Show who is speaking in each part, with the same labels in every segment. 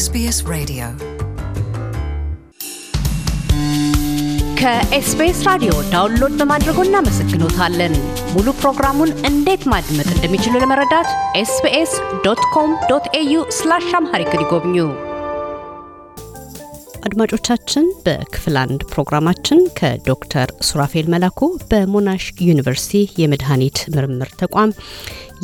Speaker 1: ኤስቢኤስ ሬዲዮ ከኤስቢኤስ ራዲዮ ዳውንሎድ በማድረጎ እናመሰግኖታለን። ሙሉ ፕሮግራሙን እንዴት ማድመጥ እንደሚችሉ ለመረዳት ኤስቢኤስ ዶት ኮም ዶት ኤዩ ስላሽ አምሃሪክ ይጎብኙ። አድማጮቻችን በክፍል አንድ ፕሮግራማችን ከዶክተር ሱራፌል መላኩ በሞናሽ ዩኒቨርሲቲ የመድኃኒት ምርምር ተቋም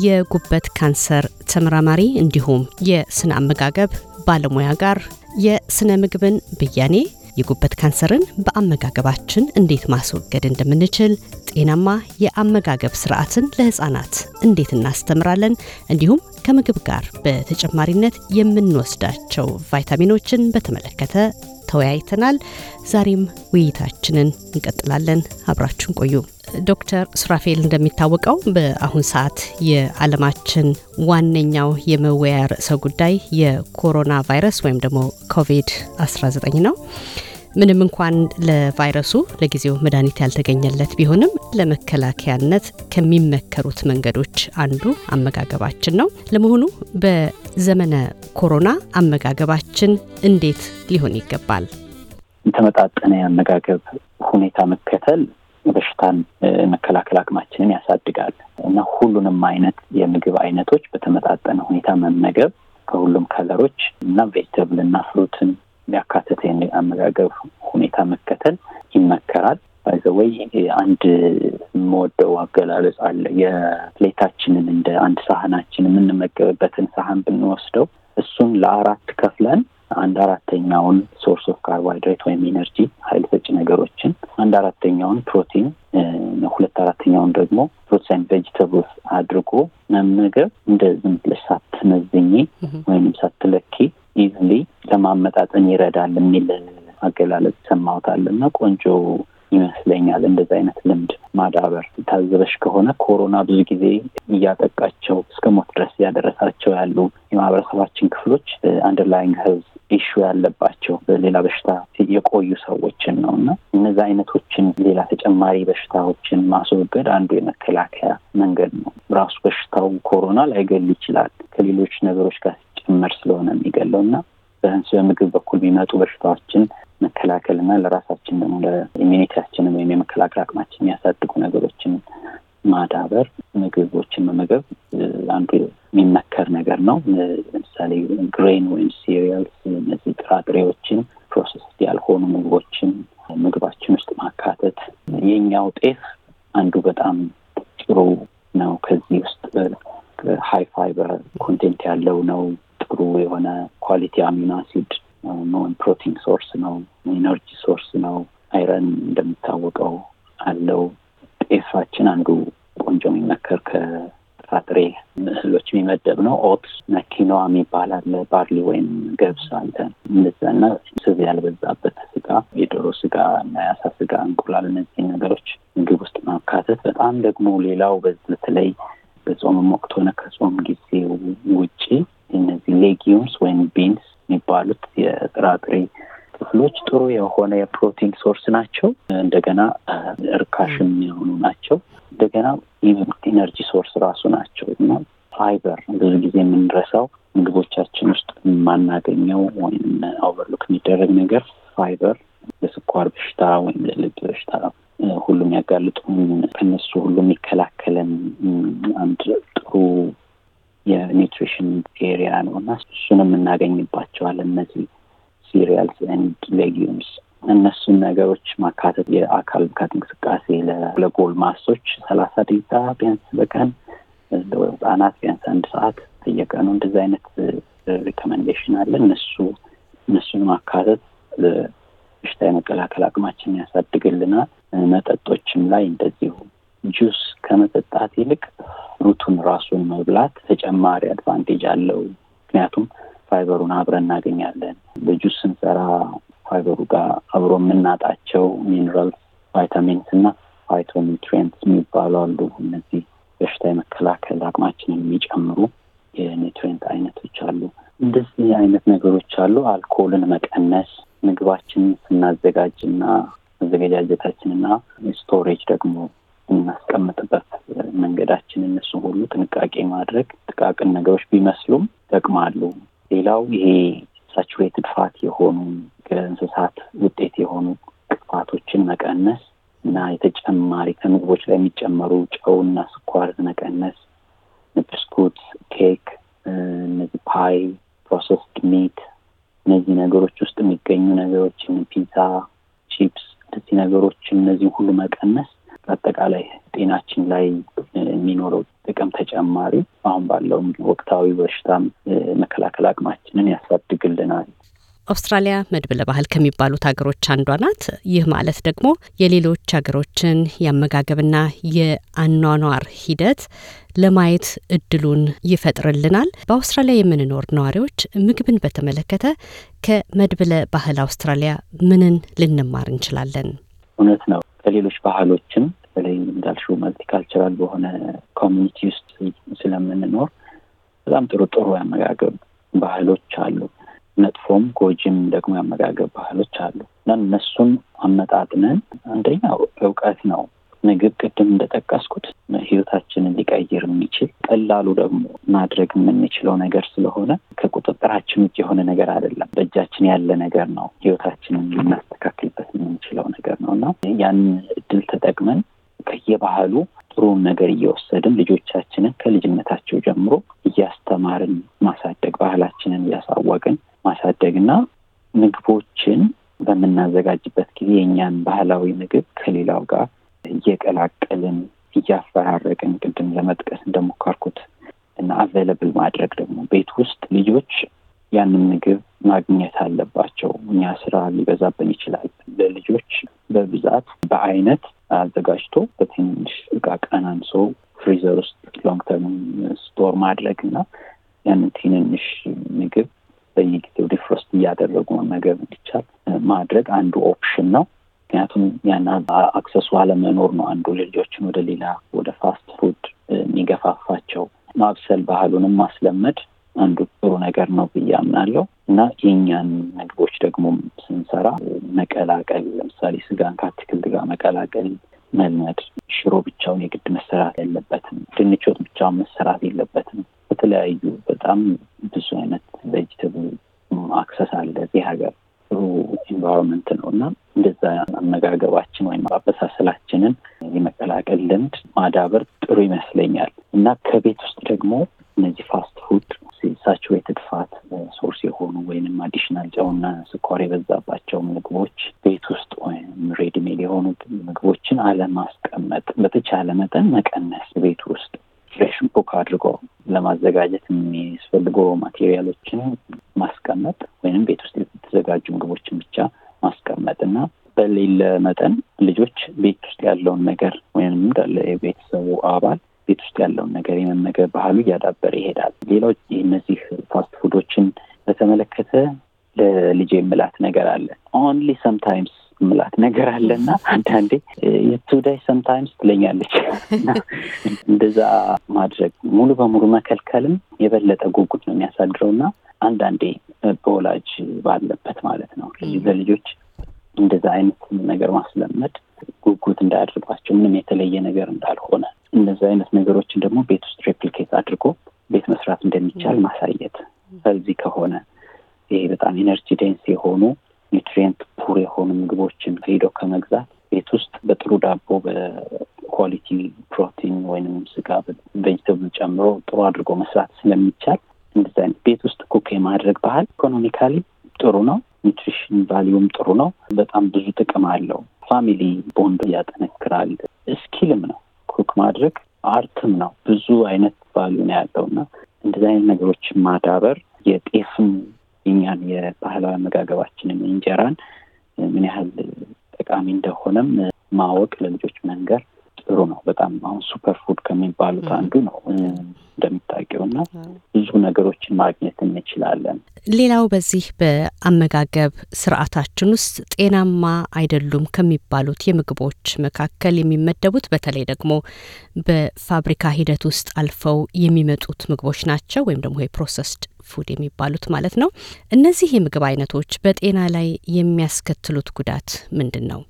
Speaker 1: የጉበት ካንሰር ተመራማሪ እንዲሁም የስነ አመጋገብ ባለሙያ ጋር የስነ ምግብን ብያኔ፣ የጉበት ካንሰርን በአመጋገባችን እንዴት ማስወገድ እንደምንችል፣ ጤናማ የአመጋገብ ስርዓትን ለህፃናት እንዴት እናስተምራለን፣ እንዲሁም ከምግብ ጋር በተጨማሪነት የምንወስዳቸው ቫይታሚኖችን በተመለከተ ተወያይተናል። ዛሬም ውይይታችንን እንቀጥላለን። አብራችሁን ቆዩ። ዶክተር ሱራፌል እንደሚታወቀው በአሁን ሰዓት የዓለማችን ዋነኛው የመወያያ ርዕሰ ጉዳይ የኮሮና ቫይረስ ወይም ደግሞ ኮቪድ-19 ነው። ምንም እንኳን ለቫይረሱ ለጊዜው መድኃኒት ያልተገኘለት ቢሆንም ለመከላከያነት ከሚመከሩት መንገዶች አንዱ አመጋገባችን ነው። ለመሆኑ በዘመነ ኮሮና አመጋገባችን እንዴት ሊሆን ይገባል?
Speaker 2: የተመጣጠነ የአመጋገብ ሁኔታ መከተል በሽታን መከላከል አቅማችንን ያሳድጋል እና ሁሉንም አይነት የምግብ አይነቶች በተመጣጠነ ሁኔታ መመገብ ከሁሉም ከለሮች እና ቬጅተብል እና ፍሩትን ሊያካተተ አመጋገብ ሁኔታ መከተል ይመከራል። ባይዘወይ አንድ የምወደው አገላለጽ አለ። የፕሌታችንን እንደ አንድ ሳህናችን የምንመገብበትን ሳህን ብንወስደው እሱን ለአራት ከፍለን አንድ አራተኛውን ሶርስ ኦፍ ካርቦሃይድሬት ወይም ኢነርጂ ኃይል ሰጪ ነገሮችን፣ አንድ አራተኛውን ፕሮቲን፣ ሁለት አራተኛውን ደግሞ ኦትስን ቬጅተብልስ አድርጎ መመገብ እንደ ዝም ብለሽ ሳትመዝኝ ወይም ሳትለኪ ኢዝሊ ለማመጣጠን ይረዳል የሚል አገላለጽ ሰማውታል እና ቆንጆ ይመስለኛል። እንደዚ አይነት ልምድ ማዳበር ታዘበሽ ከሆነ ኮሮና ብዙ ጊዜ እያጠቃቸው እስከ ሞት ድረስ እያደረሳቸው ያሉ የማህበረሰባችን ክፍሎች አንደርላይንግ uh, ሄልዝ ኢሹ ያለባቸው በሌላ በሽታ የቆዩ ሰዎችን ነው እና እነዚ አይነቶችን ሌላ ተጨማሪ በሽታዎችን ማስወገድ አንዱ የመከላከያ መንገድ ነው። ራሱ በሽታው ኮሮና ላይገል ይችላል ከሌሎች ነገሮች ጋር ሲጨመር ስለሆነ የሚገለው እና በህንስ በምግብ በኩል የሚመጡ በሽታዎችን መከላከል እና ለራሳችን ደግሞ ለኢሚኒቲያችን ወይም የመከላከል አቅማችን የሚያሳድጉ ነገሮችን ማዳበር ምግቦችን መመገብ አንዱ የሚመከር ነገር ነው። ለምሳሌ ግሬን ወይም ሲሪያልስ እነዚህ ጥራጥሬዎችን ፕሮሰስ ያልሆኑ ምግቦችን ምግባችን ውስጥ ማካተት። የኛው ጤፍ አንዱ በጣም ጥሩ ነው። ከዚህ ውስጥ ሀይ ፋይበር ኮንቴንት ያለው ነው። ጥሩ የሆነ ኳሊቲ አሚኖ አሲድ ፕሮቲን ሶርስ ነው። ኢነርጂ ሶርስ ነው። አይረን እንደሚታወቀው አለው። ጤፋችን አንዱ ቆንጆ የሚመከር ከጥራጥሬ እህሎች የሚመደብ ነው። ኦትስ መኪናዋ ኪኖዋ የሚባል አለ፣ ባርሊ ወይም ገብስ አለ። እንደዛ ስብ ያልበዛበት ስጋ፣ የዶሮ ስጋ እና የአሳ ስጋ፣ እንቁላል፣ እነዚህ ነገሮች ምግብ ውስጥ ማካተት። በጣም ደግሞ ሌላው በተለይ በጾምም ወቅት ሆነ ከጾም ጊዜ ውጪ እነዚህ ሌጊዩምስ ወይም ቢንስ የሚባሉት የጥራጥሬ ክፍሎች ጥሩ የሆነ የፕሮቲን ሶርስ ናቸው። እንደገና እርካሽም የሆኑ ናቸው። እንደገና ኢነርጂ ሶርስ ራሱ ናቸው እና ፋይበር ብዙ ጊዜ የምንረሳው ምግቦቻችን ውስጥ የማናገኘው ወይም ኦቨርሉክ የሚደረግ ነገር ፋይበር ለስኳር በሽታ ወይም ለልብ በሽታ ሁሉም ያጋልጡን ከነሱ ሁሉ የሚከላከለን አንድ ጥሩ የኒውትሪሽን ኤሪያ ነው እና እሱን የምናገኝባቸዋለን እነዚህ ሲሪያልስ ንድ ሌጊዩምስ እነሱን ነገሮች ማካተት የአካል ብቃት እንቅስቃሴ ለጎልማሶች ሰላሳ ደቂቃ ቢያንስ በቀን ህጻናት ቢያንስ አንድ ሰዓት በየቀኑ እንደዚ አይነት ሪኮመንዴሽን አለ እነሱ እነሱን ማካተት በሽታ የመከላከል አቅማችንን ያሳድግልናል። መጠጦችም ላይ እንደዚሁ ጁስ ከመጠጣት ይልቅ ሩቱን ራሱን መብላት ተጨማሪ አድቫንቴጅ አለው። ምክንያቱም ፋይበሩን አብረ እናገኛለን። በጁስ ስንሰራ ፋይበሩ ጋር አብሮ የምናጣቸው ሚኒራልስ፣ ቫይታሚንስ እና ፋይቶኒውትሪየንትስ የሚባሉ አሉ እነዚህ በሽታ የመከላከል አቅማችንን የሚጨምሩ የኒትሬንት አይነቶች አሉ። እንደዚህ አይነት ነገሮች አሉ። አልኮልን መቀነስ ምግባችንን ስናዘጋጅና አዘገጃጀታችንና ስቶሬጅ ደግሞ የምናስቀምጥበት መንገዳችን እነሱ ሁሉ ጥንቃቄ ማድረግ ጥቃቅን ነገሮች ቢመስሉም ይጠቅማሉ። ሌላው ይሄ ሳቹሬትድ ፋት የሆኑ ከእንስሳት ውጤት የሆኑ ቅፋቶችን መቀነስ እና የተጨማሪ ከምግቦች ላይ የሚጨመሩ ጨውና ስኳር መቀነስ፣ ብስኩት፣ ኬክ፣ እነዚህ ፓይ፣ ፕሮሰስድ ሚት እነዚህ ነገሮች ውስጥ የሚገኙ ነገሮችን ፒዛ፣ ቺፕስ፣ እነዚህ ነገሮች እነዚህ ሁሉ መቀነስ በአጠቃላይ ጤናችን ላይ የሚኖረው ጥቅም ተጨማሪ አሁን ባለው ወቅታዊ በሽታም መከላከል አቅማችንን
Speaker 1: ያሳድግልናል። አውስትራሊያ መድብለ ባህል ከሚባሉት ሀገሮች አንዷ ናት። ይህ ማለት ደግሞ የሌሎች ሀገሮችን የአመጋገብና የአኗኗር ሂደት ለማየት እድሉን ይፈጥርልናል። በአውስትራሊያ የምንኖር ነዋሪዎች ምግብን በተመለከተ ከመድብለ ባህል አውስትራሊያ ምንን ልንማር እንችላለን?
Speaker 2: እውነት ነው። ከሌሎች ባህሎችም በተለይ እንዳልሽው መልቲካልቸራል በሆነ ኮሚኒቲ ውስጥ ስለምንኖር በጣም ጥሩ ጥሩ ያመጋገብ ባህሎች አሉ። መጥፎም ጎጂም ደግሞ የአመጋገብ ባህሎች አሉ እና እነሱን አመጣጥነን አንደኛው እውቀት ነው። ምግብ ቅድም እንደጠቀስኩት ህይወታችንን ሊቀይር የሚችል ቀላሉ ደግሞ ማድረግ የምንችለው ነገር ስለሆነ ከቁጥጥራችን ውጭ የሆነ ነገር አይደለም። በእጃችን ያለ ነገር ነው። ህይወታችንን ልናስተካክልበት የምንችለው ነገር ነው እና ያንን እድል ተጠቅመን ከየባህሉ ጥሩን ነገር እየወሰድን ልጆቻችንን ከልጅነታቸው ጀምሮ እያስተማርን ማሳደግ ባህላችንን እያሳወቅን ማሳደግ እና ምግቦችን በምናዘጋጅበት ጊዜ የእኛን ባህላዊ ምግብ ከሌላው ጋር እየቀላቀልን እያፈራረቅን ቅድም ለመጥቀስ እንደሞከርኩት እና አቬለብል ማድረግ ደግሞ ቤት ውስጥ ልጆች ያንን ምግብ ማግኘት አለባቸው። እኛ ስራ ሊበዛብን ይችላል። ለልጆች በብዛት በአይነት አዘጋጅቶ በትንሽ እቃ ቀናንሶ ፍሪዘር ውስጥ ሎንግ ተርም ስቶር ማድረግ እና ያንን ትንንሽ ምግብ በየጊዜው ዲፍሮስት እያደረጉ መመገብ እንዲቻል ማድረግ አንዱ ኦፕሽን ነው። ምክንያቱም ያን አክሰሱ አለመኖር ነው አንዱ ልጆችን ወደ ሌላ ወደ ፋስት ፉድ የሚገፋፋቸው። ማብሰል ባህሉንም ማስለመድ አንዱ ጥሩ ነገር ነው ብዬ አምናለሁ እና የእኛን ምግቦች ደግሞ ስንሰራ መቀላቀል፣ ለምሳሌ ስጋን ከአትክልት ጋር መቀላቀል መልመድ። ሽሮ ብቻውን የግድ መሰራት የለበትም። ድንቾት ብቻውን መሰራት የለበትም። የተለያዩ በጣም ብዙ አይነት ቬጅተብል አክሰስ አለ እዚህ ሀገር ጥሩ ኢንቫይሮንመንት ነው እና እንደዛ አመጋገባችን ወይም አበሳሰላችንን የመቀላቀል ልምድ ማዳበር ጥሩ ይመስለኛል እና ከቤት ውስጥ ደግሞ እነዚህ ፋስት ፉድ ሳቹሬትድ ፋት ሶርስ የሆኑ ወይንም አዲሽናል ጨውና ስኳር የበዛባቸው ምግቦች ቤት ውስጥ ወይም ሬድሜድ የሆኑ ምግቦችን አለማስቀመጥ፣ በተቻለ መጠን መቀነስ። ቤት ውስጥ ፍሬሽ ኩክ አድርጎ ለማዘጋጀት የሚያስፈልጉ ማቴሪያሎችን ማስቀመጥ ወይም ቤት ውስጥ የተዘጋጁ ምግቦችን ብቻ ማስቀመጥ እና በሌለ መጠን ልጆች ቤት ውስጥ ያለውን ነገር ወይም የቤተሰቡ አባል ቤት ውስጥ ያለውን ነገር የመመገብ ባህሉ እያዳበረ ይሄዳል። ሌላው እነዚህ ፋስት ፉዶችን በተመለከተ ለልጅ የምላት ነገር አለ ኦንሊ ሰምታይምስ ምላት ነገር አለና አንዳንዴ የቱዳይ ሰምታይምስ ትለኛለች። እንደዛ ማድረግ ሙሉ በሙሉ መከልከልም የበለጠ ጉጉት ነው የሚያሳድረው እና አንዳንዴ በወላጅ ባለበት ማለት ነው ለልጆች እንደዛ አይነት ነገር ማስለመድ ጉጉት እንዳያደርጓቸው ምንም የተለየ ነገር እንዳልሆነ እነዚ አይነት ነገሮችን ደግሞ ቤት ውስጥ ሬፕሊኬት አድርጎ ቤት መስራት እንደሚቻል ማሳየት ከዚህ ከሆነ ይሄ በጣም ኢነርጂ ዴንስ የሆኑ ኒውትሪየንት ቱር የሆኑ ምግቦችን ሄዶ ከመግዛት ቤት ውስጥ በጥሩ ዳቦ በኳሊቲ ፕሮቲን ወይንም ስጋ ቬጅተብል ጨምሮ ጥሩ አድርጎ መስራት ስለሚቻል እንደዚህ አይነት ቤት ውስጥ ኩክ የማድረግ ባህል ኢኮኖሚካሊ ጥሩ ነው። ኒትሪሽን ቫሊዩም ጥሩ ነው። በጣም ብዙ ጥቅም አለው። ፋሚሊ ቦንድ ያጠነክራል። እስኪልም ነው ኩክ ማድረግ አርትም ነው። ብዙ አይነት ቫሊዩ ነው ያለው እና እንደዚህ አይነት ነገሮችን ማዳበር የጤፍም የኛን የባህላዊ አመጋገባችንን እንጀራን ምን ያህል ጠቃሚ እንደሆነም ማወቅ ለልጆች መንገር ጥሩ ነው በጣም አሁን ሱፐር ፉድ ከሚባሉት አንዱ ነው እንደሚታወቀው እና ብዙ ነገሮችን ማግኘት እንችላለን።
Speaker 1: ሌላው በዚህ በአመጋገብ ስርዓታችን ውስጥ ጤናማ አይደሉም ከሚባሉት የምግቦች መካከል የሚመደቡት በተለይ ደግሞ በፋብሪካ ሂደት ውስጥ አልፈው የሚመጡት ምግቦች ናቸው ወይም ደግሞ የፕሮሰስድ ፉድ የሚባሉት ማለት ነው። እነዚህ የምግብ አይነቶች በጤና ላይ የሚያስከትሉት ጉዳት ምንድን ነው?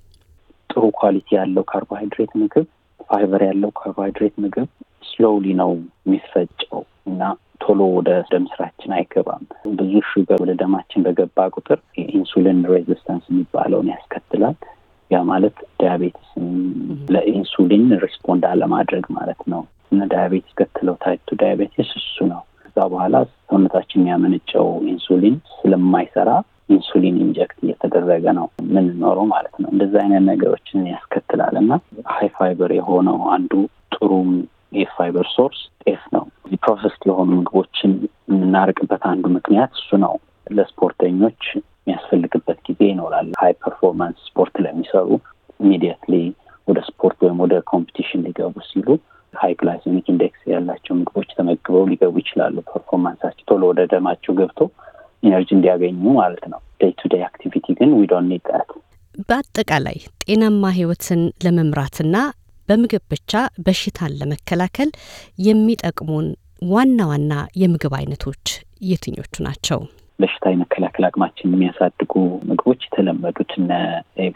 Speaker 2: ጥሩ ኳሊቲ ያለው ካርቦሃይድሬት ምግብ ፋይበር ያለው ካርቦሃይድሬት ምግብ ስሎውሊ ነው የሚፈጨው እና ቶሎ ወደ ደም ስራችን አይገባም። ብዙ ሹገር ወደ ደማችን በገባ ቁጥር የኢንሱሊን ሬዚስተንስ የሚባለውን ያስከትላል። ያ ማለት ዳያቤቲስን ለኢንሱሊን ሪስፖንድ አለማድረግ ማለት ነው እና ዳያቤቲስ ከትለው ታይቱ ዳያቤቲስ እሱ ነው። ከዛ በኋላ ሰውነታችን የሚያመነጨው ኢንሱሊን ስለማይሰራ ኢንሱሊን ኢንጀክት እየተደረገ ነው የምንኖረው ማለት ነው። እንደዚ አይነት ነገሮችን ያስከትላል እና ሀይ ፋይበር የሆነው አንዱ ጥሩም የፋይበር ሶርስ ጤፍ ነው። ፕሮሰስ የሆኑ ምግቦችን የምናርቅበት አንዱ ምክንያት እሱ ነው። ለስፖርተኞች የሚያስፈልግበት ጊዜ ይኖራል። ሀይ ፐርፎርማንስ ስፖርት ለሚሰሩ ኢሚዲየትሊ ወደ ስፖርት ወይም ወደ ኮምፒቲሽን ሊገቡ ሲሉ ሀይ ግላይሴሚክ ኢንዴክስ ያላቸው ምግቦች ተመግበው ሊገቡ ይችላሉ። ፐርፎርማንሳቸው ቶሎ ወደ ደማቸው ገብቶ ኢነርጂ እንዲያገኙ ማለት ነው። ዴይ ቱ ዴይ አክቲቪቲ ግን ዊ ዶንት ኒድ ዳት።
Speaker 1: በአጠቃላይ ጤናማ ህይወትን ለመምራትና በምግብ ብቻ በሽታን ለመከላከል የሚጠቅሙን ዋና ዋና የምግብ አይነቶች የትኞቹ ናቸው? በሽታ
Speaker 2: የመከላከል አቅማችን የሚያሳድጉ ምግቦች የተለመዱት እነ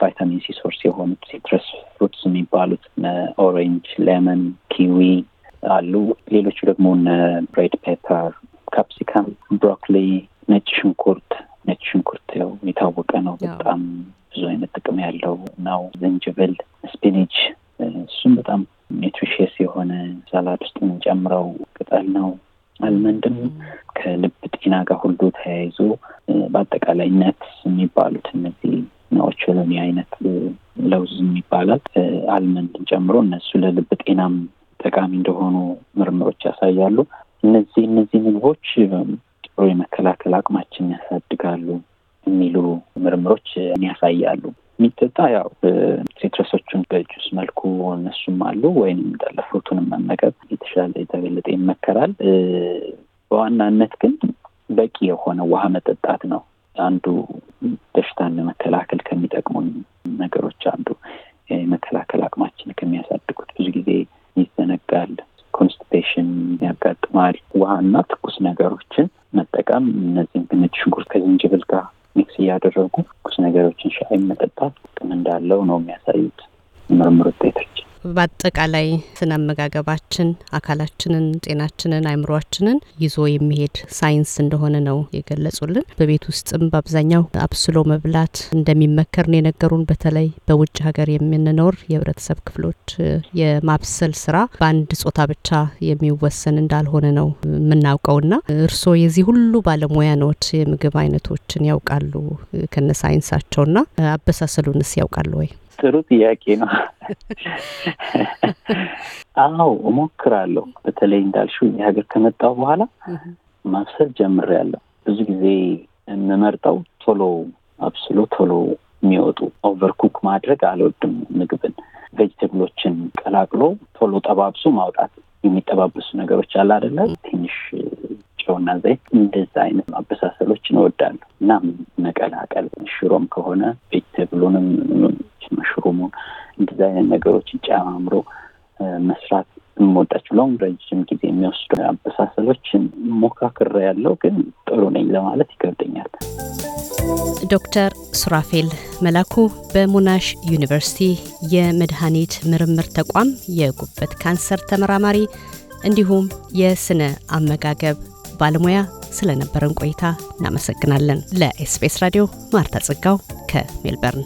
Speaker 2: ቫይታሚን ሲ ሶርስ የሆኑት ሲትረስ ፍሩትስ የሚባሉት እነ ኦሬንጅ፣ ሌመን፣ ኪዊ አሉ። ሌሎቹ ደግሞ እነ ሬድ ፔፐር፣ ካፕሲካም፣ ብሮክሊ ነጭ ሽንኩርት ነጭ ሽንኩርት ያው የታወቀ ነው። በጣም ብዙ አይነት ጥቅም ያለው ነው። ዝንጅብል፣ ስፒኒች እሱም በጣም ኒትሪሽስ የሆነ ሳላድ ውስጥ የምንጨምረው ቅጠል ነው። አልመንድም ከልብ ጤና ጋር ሁሉ ተያይዞ በአጠቃላይ ነት የሚባሉት እነዚህ ኦቾሎኒ አይነት ለውዝ የሚባላት አልመንድን ጨምሮ እነሱ ለልብ ጤናም ጠቃሚ እንደሆኑ ምርምሮች ያሳያሉ። እነዚህ እነዚህ ምግቦች ቶሎ የመከላከል አቅማችን ያሳድጋሉ የሚሉ ምርምሮች ያሳያሉ። የሚጠጣ ያው ሲትረሶቹን በጁስ መልኩ እነሱም አሉ ወይም እንዳለ ፍሩቱንም መመገብ የተሻለ የተገለጠ ይመከራል። በዋናነት ግን በቂ የሆነ ውሃ መጠጣት ነው አንዱ በሽታን ለመከላከል ከሚጠቅሙን ነገሮች አንዱ የመከላከል አቅማችን ከሚያሳድጉት ብዙ ጊዜ ይዘነጋል። ኮንስቲፔሽን ያጋጥማል። ውሃና ትኩስ ነገሮችን በመጠቀም እነዚህም ነጭ ሽንኩርት ከዝንጅብል ጋር ሚክስ እያደረጉ ኩስ ነገሮችን ሻይ መጠጣት ጥቅም እንዳለው ነው የሚያሳዩት ምርምር
Speaker 1: ውጤቶች። በአጠቃላይ ስነ አመጋገባችን አካላችንን፣ ጤናችንን፣ አይምሯችንን ይዞ የሚሄድ ሳይንስ እንደሆነ ነው የገለጹልን። በቤት ውስጥም በአብዛኛው አብስሎ መብላት እንደሚመከር ነው የነገሩን። በተለይ በውጭ ሀገር የምንኖር የህብረተሰብ ክፍሎች የማብሰል ስራ በአንድ ጾታ ብቻ የሚወሰን እንዳልሆነ ነው የምናውቀውና እርስዎ የዚህ ሁሉ ባለሙያ ነዎት። የምግብ አይነቶችን ያውቃሉ ከነ ሳይንሳቸውና አበሳሰሉንስ ያውቃሉ ወይ?
Speaker 2: ጥሩ ጥያቄ ነው። አዎ እሞክራለሁ። በተለይ እንዳልሽው እዚህ ሀገር ከመጣሁ በኋላ ማብሰል ጀምሬያለሁ። ብዙ ጊዜ የምመርጠው ቶሎ አብስሎ ቶሎ የሚወጡ ኦቨር ኩክ ማድረግ አልወድም። ምግብን ቬጅቴብሎችን ቀላቅሎ ቶሎ ጠባብሶ ማውጣት የሚጠባበሱ ነገሮች አለ አደለ? ትንሽ ጨውና ዘይት እንደዛ አይነት ማበሳሰሎችን እወዳለሁ እና መቀላቀል ሽሮም ከሆነ ቬጅቴብሉንም መሽሩሙን እንደዚህ አይነት ነገሮች ጨማምሮ መስራት የምወዳቸው ለሁም ረጅም ጊዜ የሚወስዱ አበሳሰሎችን ሞካክር ያለው ግን ጥሩ ነኝ ለማለት ይከብደኛል።
Speaker 1: ዶክተር ሱራፌል መላኩ በሙናሽ ዩኒቨርሲቲ የመድኃኒት ምርምር ተቋም የጉበት ካንሰር ተመራማሪ እንዲሁም የስነ አመጋገብ ባለሙያ ስለነበረን ቆይታ እናመሰግናለን። ለኤስቢኤስ ራዲዮ ማርታ ጽጋው ከሜልበርን